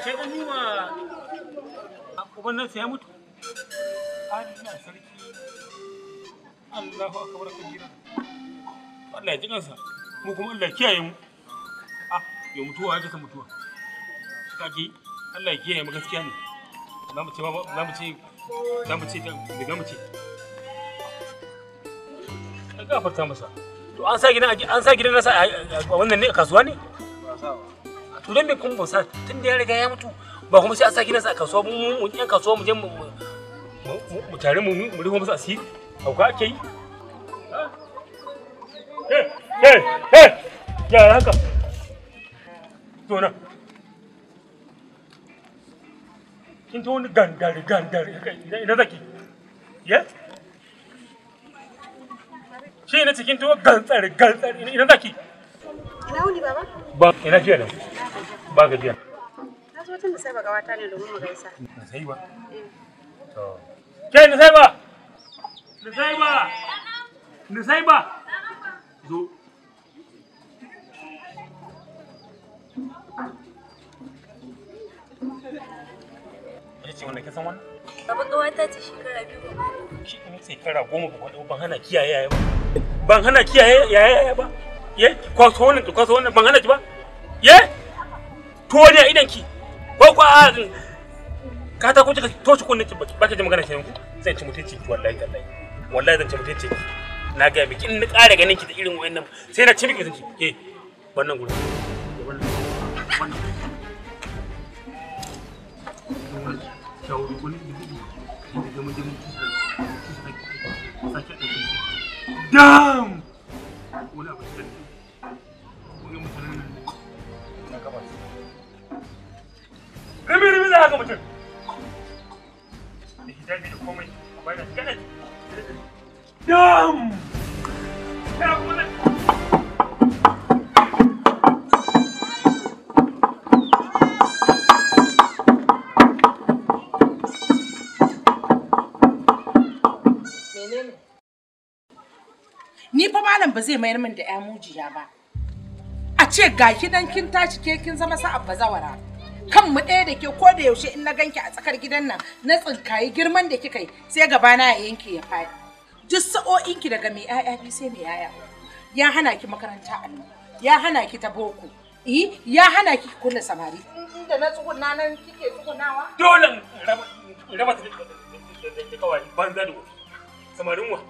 ashe dan yi sai ya mutu Allah sarki Allahu kabira Allah ya ji kansa mu kuma Allah ya kiyaye mu ah ya mutuwa ya ta mutuwa kaji Allah ya kiyaye mu gaskiya ne za mu ce za mu ce za mu ce daga mu ce ka gafarta masa to an sa gidan an sa gidan nasa a wannan ne a kasuwa ne to don me kun ba sa tun da ya riga ya mutu ba kuma sai a sa nasa a kasuwa mu mu yan kasuwa mu je mu mu tare mu mu rufe masa asiri ka ake yi eh ah. eh eh ya haka to na kin to wani gangare gangare ina zaki ya shi ne cikin to gantsare gantsare ina zaki ina wuni baba ba ina jiya da ba gajiya na zo tun da sai ba gawata ne domin mu gaisa da sai ba to ke da sai ba da sai ba da sai ba zo Ita ce wanda kisan wannan? Baba gawata ce shekara biyu ba. Shi in shekara goma ba kwaɗo ban hana kiyaye ya ba. Ban hana kiyaye ya ba. Ye, kwaso wannan, kwaso wannan, ban hana ki ba. Ye! to a idan ki ko ko a ah, ka ta ko kika toshi kunnin ki ba ki ji magana kenan ku zan ci mutunci ki wallahi tallahi wallahi zan ci mutunci ki na ga miki in na ƙara ganin ki da irin wayannan sai na ci miki mutunci eh wannan gurin Damn! malam ba zai mayar min da ya mujiya ba a ce ga gidan kin tashi ke kin zama sa'ab bazawara kan mu ɗaya da ke ko da yaushe in na ganki a tsakar gidan nan na tsinkayi girman da kika yi sai gabana ya yanke ya faɗi duk sa'o'inki daga mai 'ya'ya biyu sai mai 'ya'ya ya hana ki makaranta nan. ya hana ki ta boko eh ya hana ki kunna samari inda na tsuguna nan kike tsugunawa dole in raba ta da kawai banza da wasu samarin wa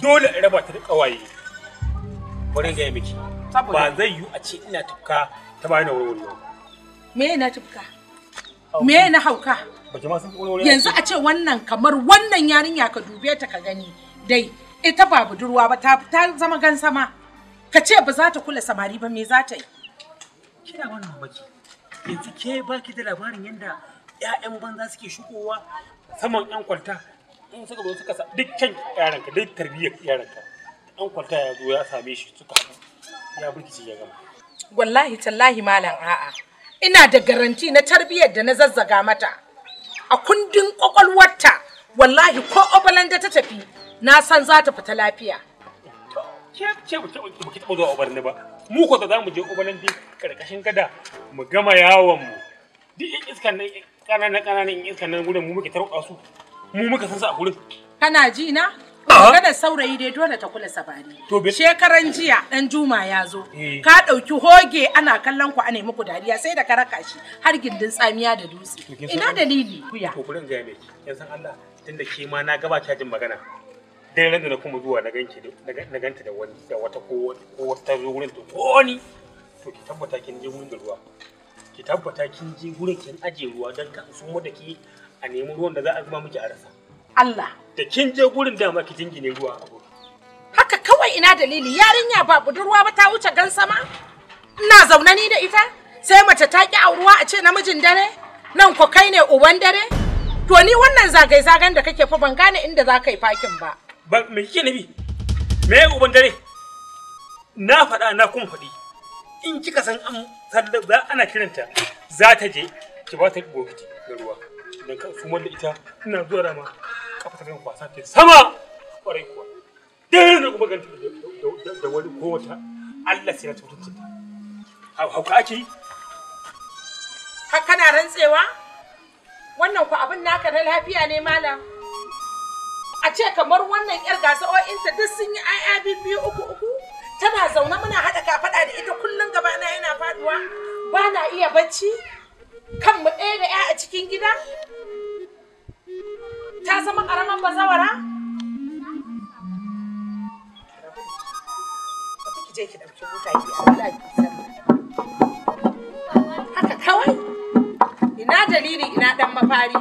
dole raba ta da kawai. Wani gaya miki ba zai yiwu a ce ina tufka ta bayan warware me na tufka me na hauka yanzu a ce wannan kamar wannan yarinya ka dube ta ka gani dai ita ba budurwa ba ta zama gansama ka ce ba za ta kula samari ba me za ta yi kina wannan baki yanzu ke ki da labarin yadda 'ya'yan banza suke shigowa saman ƴan kwalta in suka zo suka sa duk yaranka duk tarbiyyar yaranka dan kwalta ya zo ya same shi suka ya burkice ya gama wallahi tallahi malam a'a ina da garanti na tarbiyyar da na zazzaga mata a kundin kwakwalwarta wallahi ko obalanda ta tafi na san za ta fita lafiya ke ce ba ki taɓa zuwa obalanda ba mu ko da za mu je obalanda karkashin gada mu gama yawon mu duk yan iskan nan kananan kananan yan iskan nan gurin mu muke tarwatsa mu muka san su a gurin kana ji na Magana saurayi dai dole ta kula sabani. Shekaran jiya dan Juma ya zo. Eh. Ka ɗauki hoge ana kallon ku nemi muku dariya sai da ka raka shi har gindin tsamiya da dutse. Ina dalili kuya. To kurin ga mai. Yan san Allah tunda ke ma na ta jin magana. dan ran da na kuma zuwa na ganki na ganta da wani da wata ko ta zo wurin to ko ni. To ki tabbata kin je wurin da ruwa. Ki tabbata kin je wurin kin aje ruwa don ka mu da ki a nemi ruwan da za a zuba miki a rasa. Allah. Da kin je gurin dama ki jingine ruwa a Haka kawai ina dalili yarinya ba budurwa ba ta wuce gan sama? Ina zauna ni da ita? Sai mace ta ki auruwa a ce namijin dare? Nan ko kai ne uban dare? To ni wannan zagai-zagan da kake fa ban gane inda za ka yi fakin ba. Ba me kike nabi? Me uban dare? Na faɗa na kun faɗi. In kika san an sallar ana kiranta za ta je ki ba ta gobe da ruwa. Dan ka su da ita ina zuwa rama kafa ta zan kwasa ta sama kwarai kuwa dai da kuma ganta da wani wata, Allah sai na tutunce ta hauka ake yi har kana rantsewa wannan ku abin naka na lafiya ne malam a ce kamar wannan yar gasa ta duk sun yi ai biyu uku uku tana zaune muna haɗa kafaɗa da ita kullum gaba na yana faduwa ba na iya bacci kan mu ɗaya da ya a cikin gida ta zama karamar bazawara? Haka kawai? Ina dalilin ina ɗan mafari.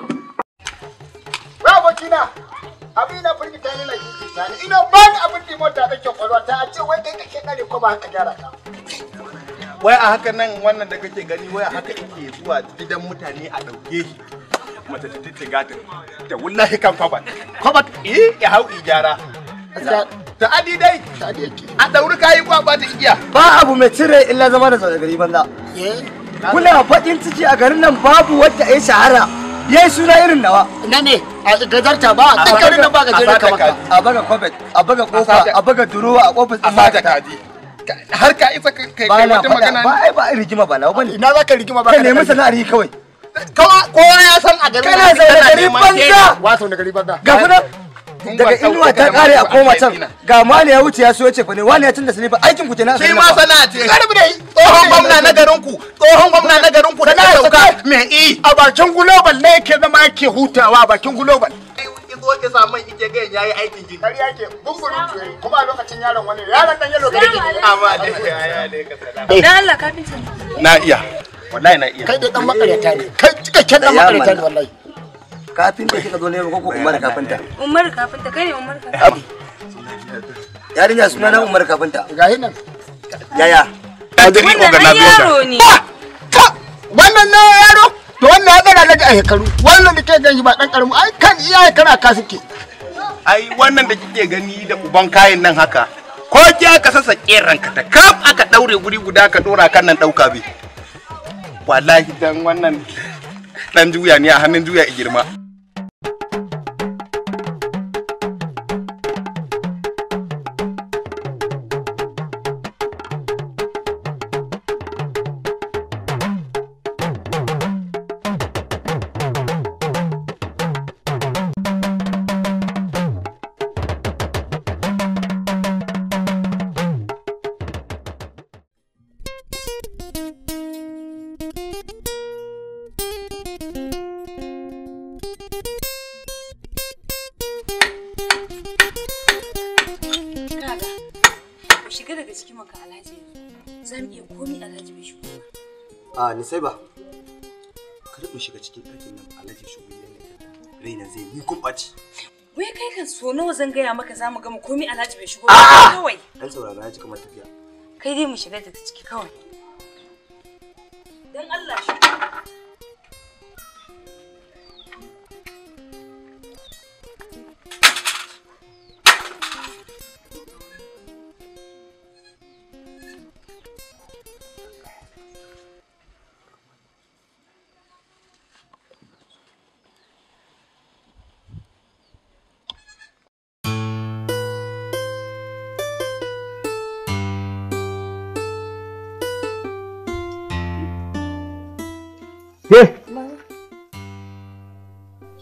Bravo Kina! Abin na firgita ni na gigita ni. Ina bani abin da mota take kwalwa ta a ce wai kai kake kare kuma ba haka gyara ka. Wai a haka nan wannan da kake gani wai a haka yake zuwa gidan mutane a ɗauke shi. mace ta titi gadin da wallahi kan kwabat kwabat eh ya hau ijara ta adi dai a dauri kayi kwakwa ta iya. ba abu mai cire illa zama da zaune gari banza eh. kula fadin ciki a garin nan babu wadda ya shahara ya suna irin nawa na ne a gazarta ba a tsakarin nan ba gajere kamar a baga kwabat a baga kofa a baga durowa a kofar tsima ta kaji har ka isa kai wata magana ba ai ba rigima ba lawa bane ina zaka rigima ba ka nemi sana'ar yi kawai kowa ya san a garin kana zaune gari banza wato da garin banza ga kuna daga inuwa ta kare a koma can ga mali wuce ya so yace fa ne wani ya canza sani ba aikin ku kenan sai ma sana'a ce garbi dai tsohon gwamna na garin ku tsohon gwamna na garin ku da ka sauka me i a bakin global ne yake zama yake hutawa a bakin global sa man ike ga yayi aikin gini kuma a lokacin yaron wani yaron dan yalo gari amma dai eh. na iya wallahi na iya kai dai dan makareta ne kai cikakken dan makareta ne wallahi kafin da kika zo ne ko umar kafinta umar kafinta kai ne umar kafinta yarinya suna na umar kafinta gahi nan yaya ya je ni ogan na yaro ne wannan na yaro to wannan ya tsara daga shekaru wannan da ke gani ba dan karamu ai kan iyaye kana ka suke ai wannan da kike gani da uban kayan nan haka ko ki aka sassa keranka ta kaf aka daure guri guda ka dora kan nan dauka bi wallahi dan wannan dan juya ne a hannun juya girma ka alhaji yanzu iya komi alhaji bai shigo ba a nisai ba kar mu shiga cikin ɗakin nan alhaji shigo ne raina zai yi kumbaci wai kai kan so nawa zan gaya maka za mu gama komi alhaji mai shigo ba kawai dan saurara na ji kamar tafiya kai dai mu shiga daga ciki kawai dan Allah shi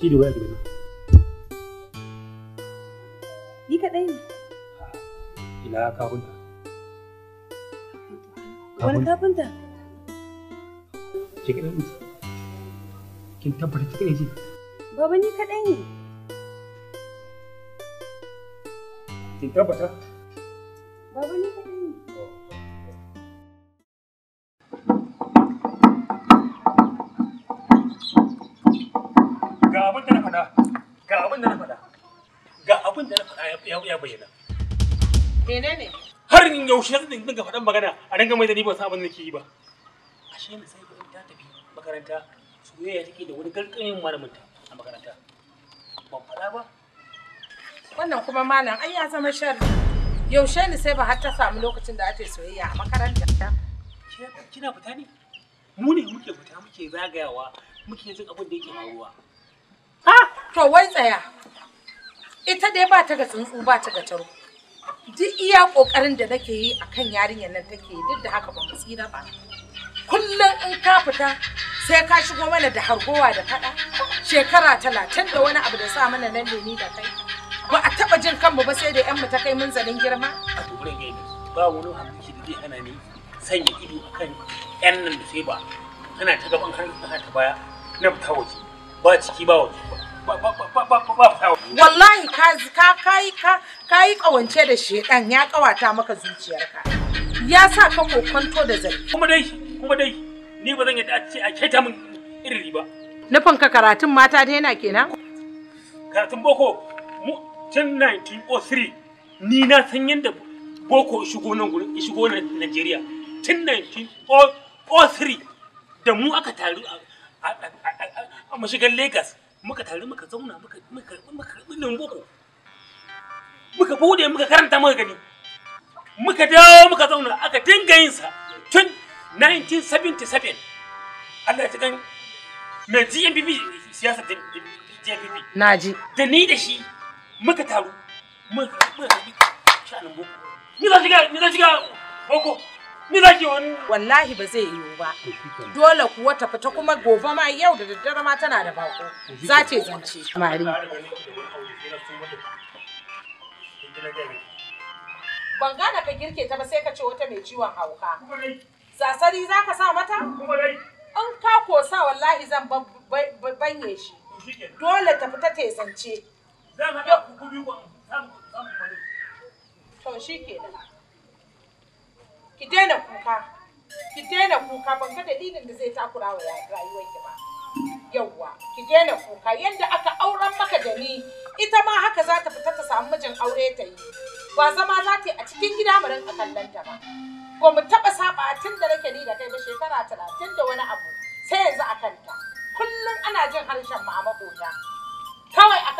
Ki da waya gidan Ni kaɗai ne. Ina kafinta. Wani kafinta? Ke kaɗai ne. Kin tabbata ki kaɗai ce? Baba ni kaɗai ne. Kin tabbata? Baba ni kaɗai ya bayyana menene har in yaushe zan dinga faɗan magana a dinga mai da ni ba san abin da ke yi ba ashe na sai ta tafi makaranta soyayya take da wani garkamin malaminta a makaranta ban faɗa ba wannan kuma malam ai ya zama sharri yaushe ne sai ba har ta samu lokacin da ake soyayya a makaranta kina fita ne mu ne muke fita muke zagayawa muke jin abin da yake faruwa ha to wai tsaya ita dai ba ta ga tsuntsu ba ta ga taro duk iya kokarin da nake yi akan yarinyar nan take duk da haka ba mu tsira ba kullum in ka fita sai ka shigo mana da hargowa da fada shekara talatin da wani abu da sa mana nan ni da kai ba a taba jin kanmu ba sai da yan mu ta kai mun zalin girma a turin gai ba wani abinci da zai hana ni sanya ido akan yan nan da sai ba kana ta gaban har ta baya na ta waje ba ciki ba waje ba wallahi ka ka kai ka kai kawance da shedan ya kawata maka zuciyarka ya sa ka kokonto da zai kuma dai kuma dai ni ba zan yi ce a keta min irin ba nufin ka karatun mata da yana kenan karatun boko mu tun 1903 ni na san yadda boko shigo nan gurin shigo nan Najeriya tun 1903 da mu aka taru a mashigar Lagos muka tare muka zauna muka karɓi nan boko muka bude muka karanta muka gani muka dawo muka zauna aka dinga yin sa tun 1977 Allah ya kan mai GMPP siyasar GMPP na ji da ni da shi muka taru muka shi sha'anin boko ni za shiga ni za shiga boko Ni za wani. Wallahi ba zai yiwu ba. Dole kuwa ta fita kuma gobe ma yau da daddare ma tana da bako. Za ce zance. Mari. Ban gane ka girke ta ba sai ka ce wata mai ciwon hauka. Sasari za ka sa mata? In ka kosa wallahi zan banye shi. Dole ta fita ta zance. Zan haɗa ku biyu To shi kenan. ki daina kuka ki daina kuka ban ga dalilin da zai takura wa rayuwarki ba yawwa ki daina kuka yanda aka auren maka da ni ita ma haka za ta fita ta samu mijin aure ta yi ba zama za ta yi a cikin gida mu rinka kallon ta ba ba mu taɓa saba tun da nake ni da kai ba shekara talatin da wani abu sai yanzu a kanta kullum ana jin harshen mu a maƙota kawai